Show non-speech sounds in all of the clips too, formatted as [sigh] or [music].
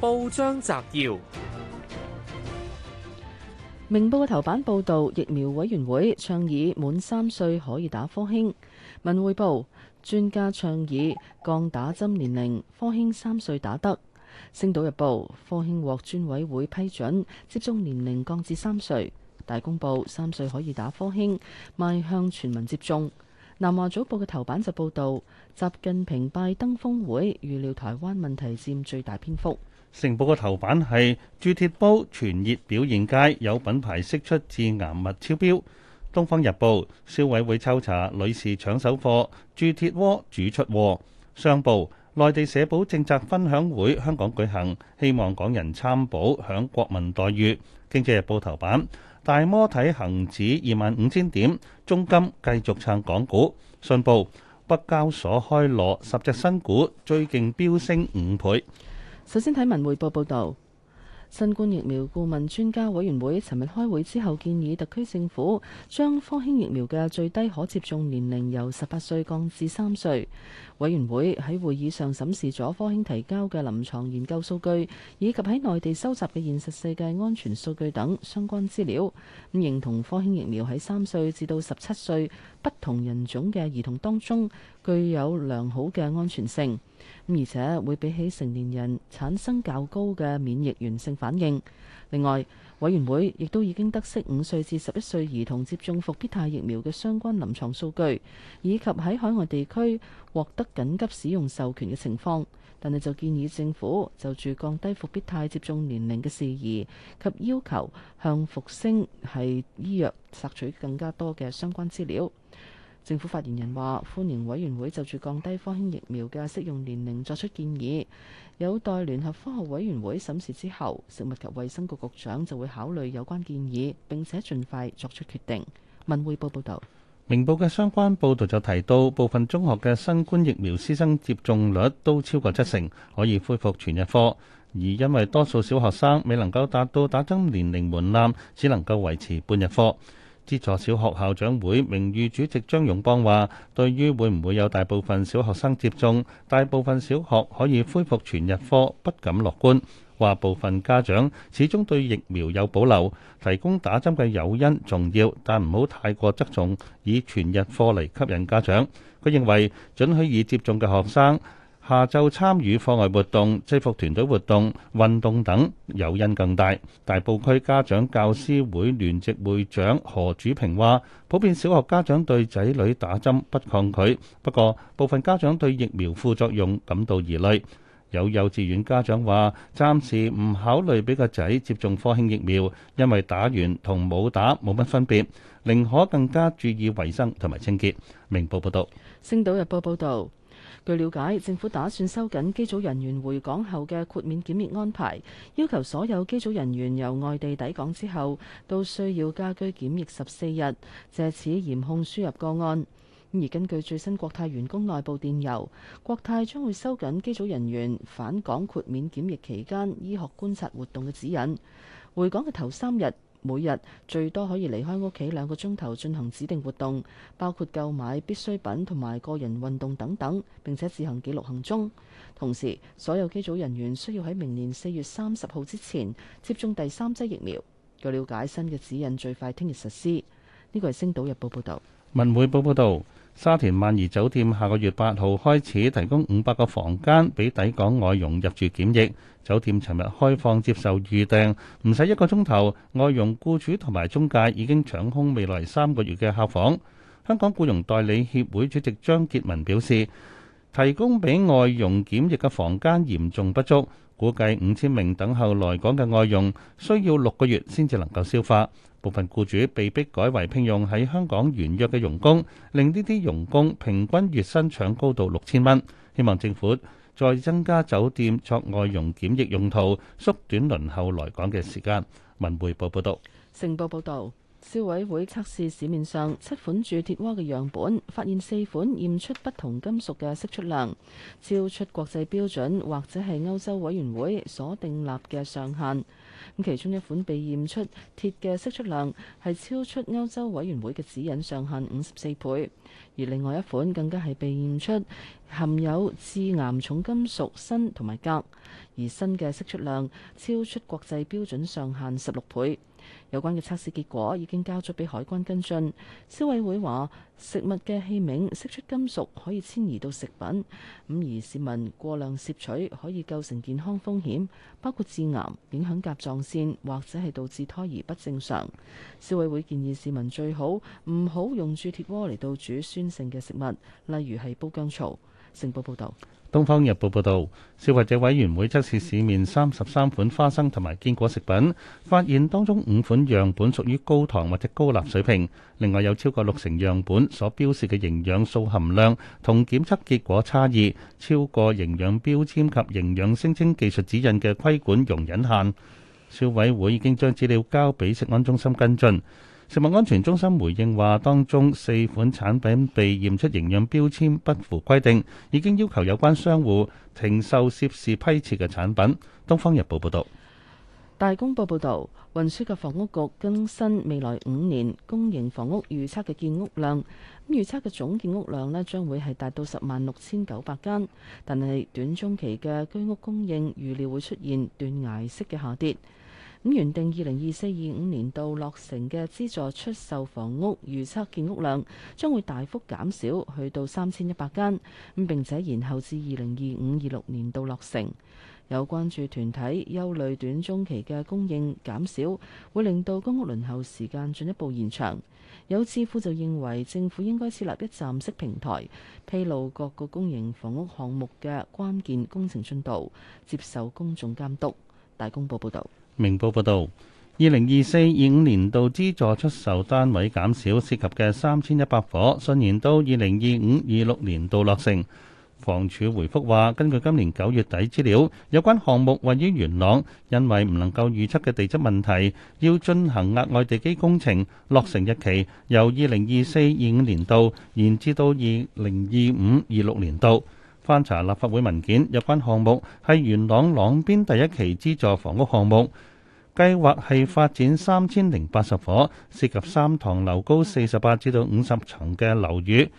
報章摘要：明報嘅頭版報道，疫苗委員會倡議滿三歲可以打科興。文匯報專家倡議降打針年齡，科興三歲打得。星島日報科興獲專委會批准，接種年齡降至三歲。大公報三歲可以打科興，邁向全民接種。南華早報嘅頭版就報道，習近平拜登峰會預料台灣問題佔最大篇幅。成報嘅頭版係鑄鐵煲傳熱表現佳，有品牌釋出致癌物超標。東方日報消委會抽查女士搶手貨，鑄鐵鍋煮出禍。商報內地社保政策分享會香港舉行，希望港人參保享國民待遇。經濟日報頭版大摩睇恒指二萬五千點，中金繼續撐港股。信報北交所開鑼，十隻新股最勁飆升五倍。首先睇文匯報報道，新冠疫苗顧問專家委員會尋日開會之後，建議特區政府將科興疫苗嘅最低可接種年齡由十八歲降至三歲。委員會喺會議上審視咗科興提交嘅臨床研究數據，以及喺內地收集嘅現實世界安全數據等相關資料，咁認同科興疫苗喺三歲至到十七歲，不同人種嘅兒童當中，具有良好嘅安全性，而且會比起成年人產生較高嘅免疫原性反應。另外，委員會亦都已經得悉五歲至十一歲兒童接種復必泰疫苗嘅相關臨床數據，以及喺海外地區獲得緊急使用授權嘅情況。但係就建議政府就住降低復必泰接種年齡嘅事宜及要求向復星系醫藥索取更加多嘅相關資料。政府發言人話，歡迎委員會就住降低科興疫苗嘅適用年齡作出建議，有待聯合科學委員會審視之後，食物及衛生局局長就會考慮有關建議，並且盡快作出決定。文匯報報道。明報嘅相關報導就提到，部分中學嘅新冠疫苗師生接種率都超過七成，可以恢復全日課。而因為多數小學生未能夠達到打針年齡門檻，只能夠維持半日課。資助小學校長會名譽主席張勇邦話，對於會唔會有大部分小學生接種，大部分小學可以恢復全日課，不敢樂觀。話部分家長始終對疫苗有保留，提供打針嘅誘因重要，但唔好太過側重以全日課嚟吸引家長。佢認為準許已接種嘅學生下晝參與課外活動、制服團隊活動、運動等誘因更大。大埔區家長教師會聯席會長何主平話，普遍小學家長對仔女打針不抗拒，不過部分家長對疫苗副作用感到疑慮。有幼稚園家長話：暫時唔考慮俾個仔接種科興疫苗，因為打完同冇打冇乜分別，寧可更加注意衞生同埋清潔。明報報導。星島日報報道：據了解，政府打算收緊機組人員回港後嘅豁免檢疫安排，要求所有機組人員由外地抵港之後，都需要家居檢疫十四日，藉此嚴控輸入個案。而根據最新國泰員工內部電郵，國泰將會收緊機組人員返港豁免檢疫期間醫學觀察活動嘅指引。回港嘅頭三日，每日最多可以離開屋企兩個鐘頭進行指定活動，包括購買必需品同埋個人運動等等，並且自行記錄行蹤。同時，所有機組人員需要喺明年四月三十號之前接種第三劑疫苗。據了解，新嘅指引最快聽日實施。呢個係星島日報報道。文匯報報道。沙田萬怡酒店下個月八號開始提供五百個房間俾抵港外傭入住檢疫。酒店尋日開放接受預訂，唔使一個鐘頭，外傭僱主同埋中介已經搶空未來三個月嘅客房。香港僱傭代理協會主席張傑文表示，提供俾外傭檢疫嘅房間嚴重不足。估計五千名等候來港嘅外傭需要六個月先至能夠消化，部分雇主被迫改為聘用喺香港原約嘅傭工，令呢啲傭工平均月薪搶高到六千蚊。希望政府再增加酒店作外傭檢疫用途，縮短輪候來港嘅時間。文匯報報道，成報報道。消委會測試市面上七款鑄鐵鍋嘅樣本，發現四款驗出不同金屬嘅釋出量超出國際標準或者係歐洲委員會所定立嘅上限。咁其中一款被驗出鐵嘅釋出量係超出歐洲委員會嘅指引上限五十四倍，而另外一款更加係被驗出含有致癌重金屬砷同埋鉻，而砷嘅釋出量超出國際標準上限十六倍。有關嘅測試結果已經交咗俾海關跟進。消委會話，食物嘅器皿釋出金屬可以遷移到食品，咁而市民過量攝取可以構成健康風險，包括致癌、影響甲狀腺或者係導致胎兒不正常。消委會建議市民最好唔好用鑄鐵鍋嚟到煮酸性嘅食物，例如係煲薑醋。成報報導，《東方日報》報道，消 [noise] 費者委員會測試市面三十三款花生同埋堅果食品，發現當中五款樣本屬於高糖或者高鈉水平，另外有超過六成樣本所標示嘅營養素含量同檢測結果差異，超過營養標籤及營養聲稱技術指引嘅規管容忍限。消委會已經將資料交俾食安中心跟進。食物安全中心回應話，當中四款產品被驗出營養標籤不符規定，已經要求有關商戶停售涉事批次嘅產品。東方日報報道，大公報報道，運輸及房屋局更新未來五年公營房屋預測嘅建屋量，預測嘅總建屋量呢將會係達到十萬六千九百間，但係短中期嘅居屋供應預料會出現斷崖式嘅下跌。咁原定二零二四二五年度落成嘅資助出售房屋，預測建屋量將會大幅減少，去到三千一百間。咁並且延後至二零二五二六年度落成。有關注團體憂慮短中期嘅供應減少，會令到公屋輪候時間進一步延長。有智庫就認為，政府應該設立一站式平台，披露各個公營房屋項目嘅關鍵工程進度，接受公眾監督。大公報報道。明報報道，二零二四二五年度資助出售單位減少，涉及嘅三千一百伙，順延到二零二五二六年度落成。房署回覆話，根據今年九月底資料，有關項目位於元朗，因為唔能夠預測嘅地質問題，要進行額外地基工程，落成日期由二零二四二五年度延至到二零二五二六年度。翻查立法會文件，有關項目係元朗朗邊第一期資助房屋項目，計劃係發展三千零八十伙，涉及三幢樓高四十八至到五十層嘅樓宇。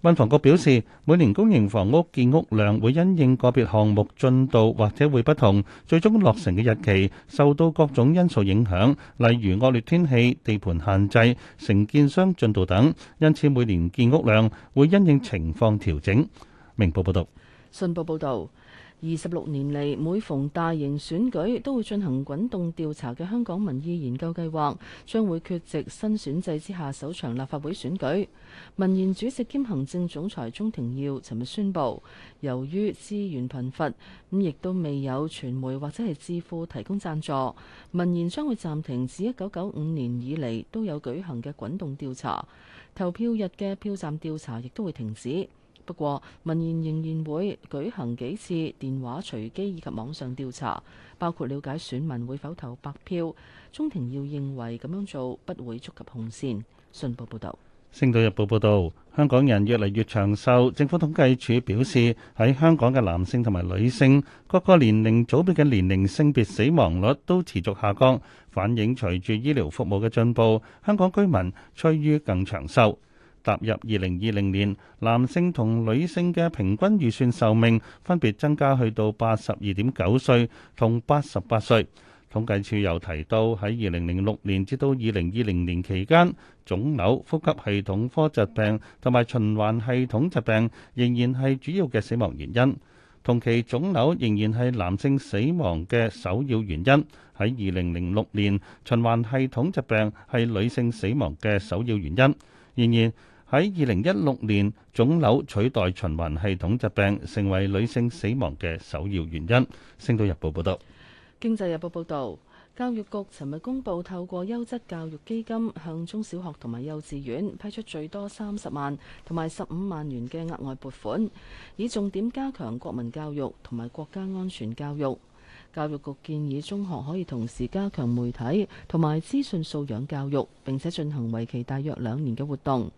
運房局表示，每年公營房屋建屋量會因應個別項目進度或者會不同，最終落成嘅日期受到各種因素影響，例如惡劣天氣、地盤限制、承建商進度等，因此每年建屋量會因應情況調整。明報報導，信報報道，二十六年嚟每逢大型選舉都會進行滾動調查嘅香港民意研究計劃將會缺席新選制之下首場立法會選舉。民研主席兼行政總裁鐘庭耀尋日宣布，由於資源貧乏，咁亦都未有傳媒或者係智庫提供贊助，民研將會暫停自一九九五年以嚟都有舉行嘅滾動調查，投票日嘅票站調查亦都會停止。不過，民研仍然會舉行幾次電話隨機以及網上調查，包括了解選民會否投白票。鍾庭耀認為咁樣做不會觸及紅線。信報報導，《星島日報》報導，香港人越嚟越長壽。政府統計處表示，喺香港嘅男性同埋女性各個年齡組別嘅年齡性別死亡率都持續下降，反映隨住醫療服務嘅進步，香港居民趨於更長壽。踏入二零二零年，男性同女性嘅平均預算壽命分別增加去到八十二點九歲同八十八歲。統計處又提到，喺二零零六年至到二零二零年期間，腫瘤、呼吸系統科疾病同埋循環系統疾病仍然係主要嘅死亡原因。同期腫瘤仍然係男性死亡嘅首要原因，喺二零零六年循環系統疾病係女性死亡嘅首要原因。然而，喺二零一六年，腫瘤取代循環系統疾病成為女性死亡嘅首要原因。星島日報報道。經濟日報報道，教育局尋日公布，透過優質教育基金向中小學同埋幼稚園批出最多三十萬同埋十五萬元嘅額外撥款，以重點加強國民教育同埋國家安全教育。教育局建議中學可以同時加強媒體同埋資訊素養教育，並且進行為期大約兩年嘅活動。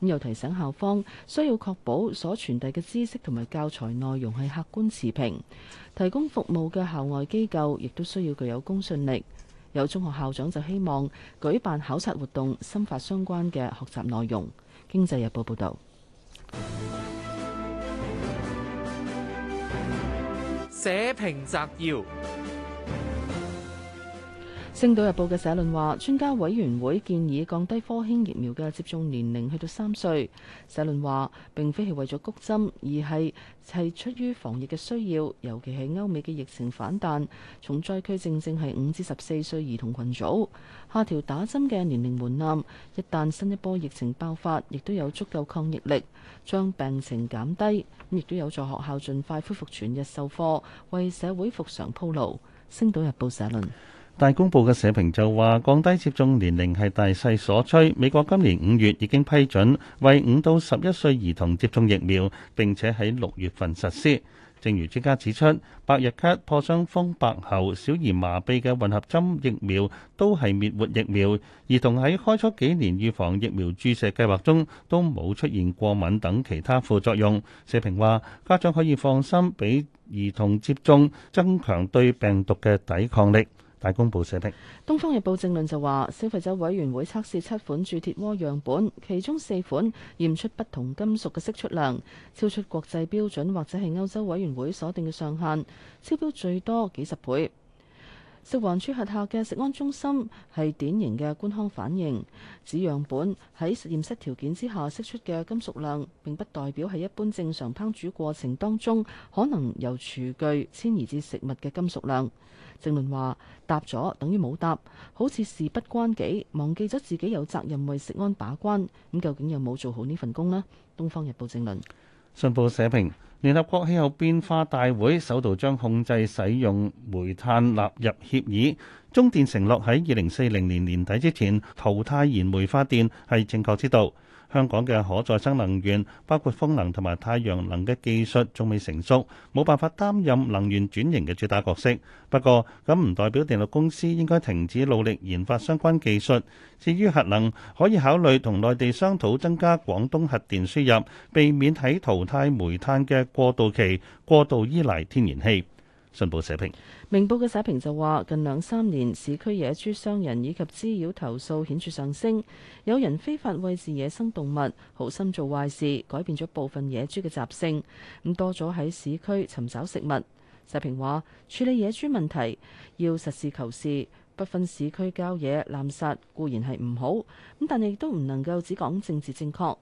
咁又提醒校方需要確保所傳遞嘅知識同埋教材內容係客觀持平。提供服務嘅校外機構亦都需要具有公信力。有中學校長就希望舉辦考察活動，深化相關嘅學習內容。經濟日報報道。報章摘要。《星島日報》嘅社論話，專家委員會建議降低科興疫苗嘅接種年齡去到三歲。社論話，並非係為咗谷針，而係係出於防疫嘅需要，尤其係歐美嘅疫情反彈，重災區正正係五至十四歲兒童群組。下調打針嘅年齡門檻，一旦新一波疫情爆發，亦都有足夠抗疫力，將病情減低，亦都有助學校盡快恢復全日授課，為社會復常鋪路。《星島日報》社論。大公報嘅社評就話：降低接種年齡係大勢所趨。美國今年五月已經批准為五到十一歲兒童接種疫苗，並且喺六月份實施。正如專家指出，百日咳、破傷風、白喉、小兒麻痹嘅混合針疫苗都係滅活疫苗，兒童喺開初幾年預防疫苗注射計劃中都冇出現過敏等其他副作用。社評話：家長可以放心俾兒童接種，增強對病毒嘅抵抗力。大公報寫的《東方日報政論》就話：消費者委員會測試七款鑄鐵鍋樣本，其中四款驗出不同金屬嘅釋出量超出國際標準或者係歐洲委員會所定嘅上限，超標最多幾十倍。食環署轄下嘅食安中心係典型嘅官腔反應，指樣本喺實驗室條件之下釋出嘅金屬量，並不代表係一般正常烹煮過程當中可能由廚具遷移至食物嘅金屬量。正論話答咗等於冇答，好似事不關己，忘記咗自己有責任為食安把關。咁究竟有冇做好呢份工呢？《東方日報》正論，信報社評。聯合國氣候變化大會首度將控制使用煤炭納入協議，中電承諾喺二零四零年年底之前淘汰燃煤發電係正確之道。香港嘅可再生能源，包括風能同埋太陽能嘅技術，仲未成熟，冇辦法擔任能源轉型嘅主打角色。不過，咁唔代表電力公司應該停止努力研發相關技術。至於核能，可以考慮同內地商討增加廣東核電輸入，避免喺淘汰煤炭嘅過渡期，過度依賴天然氣。信報社評，明報嘅社評就話：近兩三年市區野豬傷人以及滋擾投訴顯著上升，有人非法餵飼野生動物，好心做壞事，改變咗部分野豬嘅習性，咁多咗喺市區尋找食物。社評話：處理野豬問題要實事求是，不分市區郊野，濫殺固然係唔好，咁但係亦都唔能夠只講政治正確。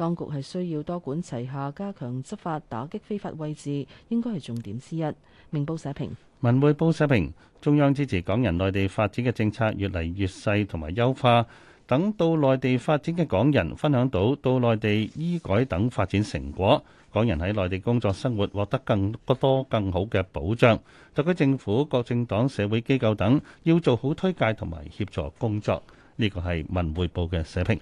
當局係需要多管齊下，加強執法，打擊非法位置，應該係重點之一。明報社評，文匯報社評，中央支持港人內地發展嘅政策越嚟越細同埋優化，等到內地發展嘅港人分享到到內地醫改等發展成果，港人喺內地工作生活獲得更多、更好嘅保障。特區政府、各政黨、社會機構等要做好推介同埋協助工作，呢個係文匯報嘅社評。